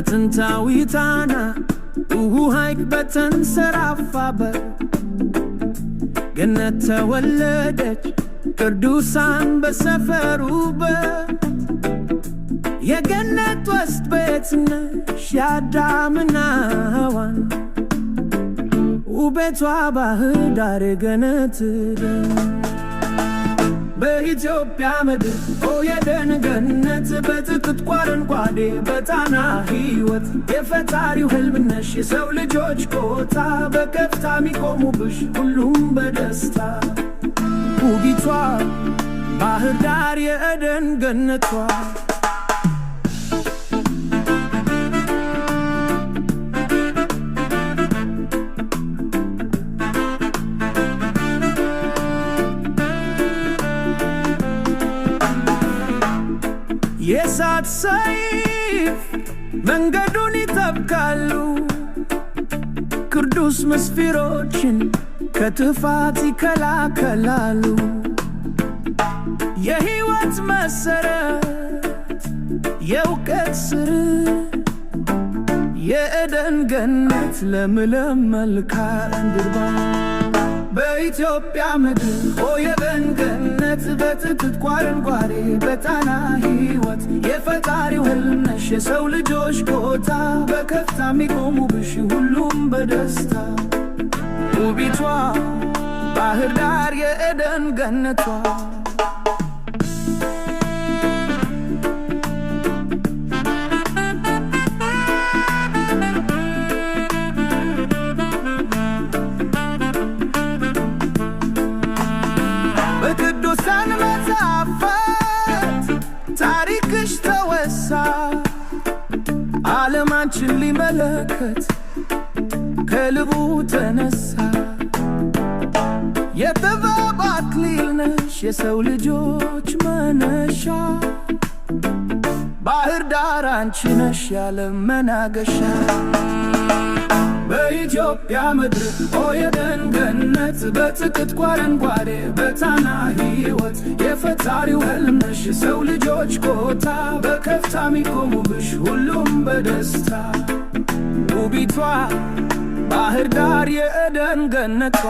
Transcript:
በጥንታዊ ጣና ውሁ ሐይቅ በተንሰራፋበት ገነት ተወለደች ቅዱሳን በሰፈሩበት የገነት ውስጥ ቤት ነሽ የአዳምና ሔዋን ውበቷ ባህር ዳር ገነት በኢትዮጵያ ምድር ኦ ገነት በጥቅጥቋ አረንጓዴ በጣና ሕይወት የፈጣሪው ህልምነሽ የሰው ልጆች ቦታ በከፍታ የሚቆሙብሽ ሁሉም በደስታ ውቢቷ ባህር ዳር የደን ገነቷ የእሳት ሰይፍ መንገዱን ይጠብቃሉ። ቅዱስ ምስፊሮችን ከጥፋት ይከላከላሉ። የሕይወት መሠረት፣ የእውቀት ስር የኤደን ገነት ለምለም መልክዓ ምድር በኢትዮጵያ ምድር በእምነት በትክት ቋረንቋሬ በጣና ሕይወት የፈጣሪው ሕልም የሰው ልጆች ቦታ በከፍታ የሚቆሙ ብሽ ሁሉም በደስታ ውቢቷ ባህር ዳር የእደን ገነቷ ስልክሽ ተወሳ ዓለም አንቺን ሊመለከት ከልቡ ተነሳ። የጥበብ አክሊል ነሽ የሰው ልጆች መነሻ ባህር ዳር አንቺ ነሽ ያለ መናገሻ በኢትዮጵያ ምድር ኦ የደንገነት በጥቅጥቋ አረንጓዴ በታና ሕይወት የፈጣሪው ወልመሽ ሰው ልጆች ኮታ በከፍታ ሚቆሙብሽ ሁሉም በደስታ ውቢቷ ባህር ዳር የደንገነቷ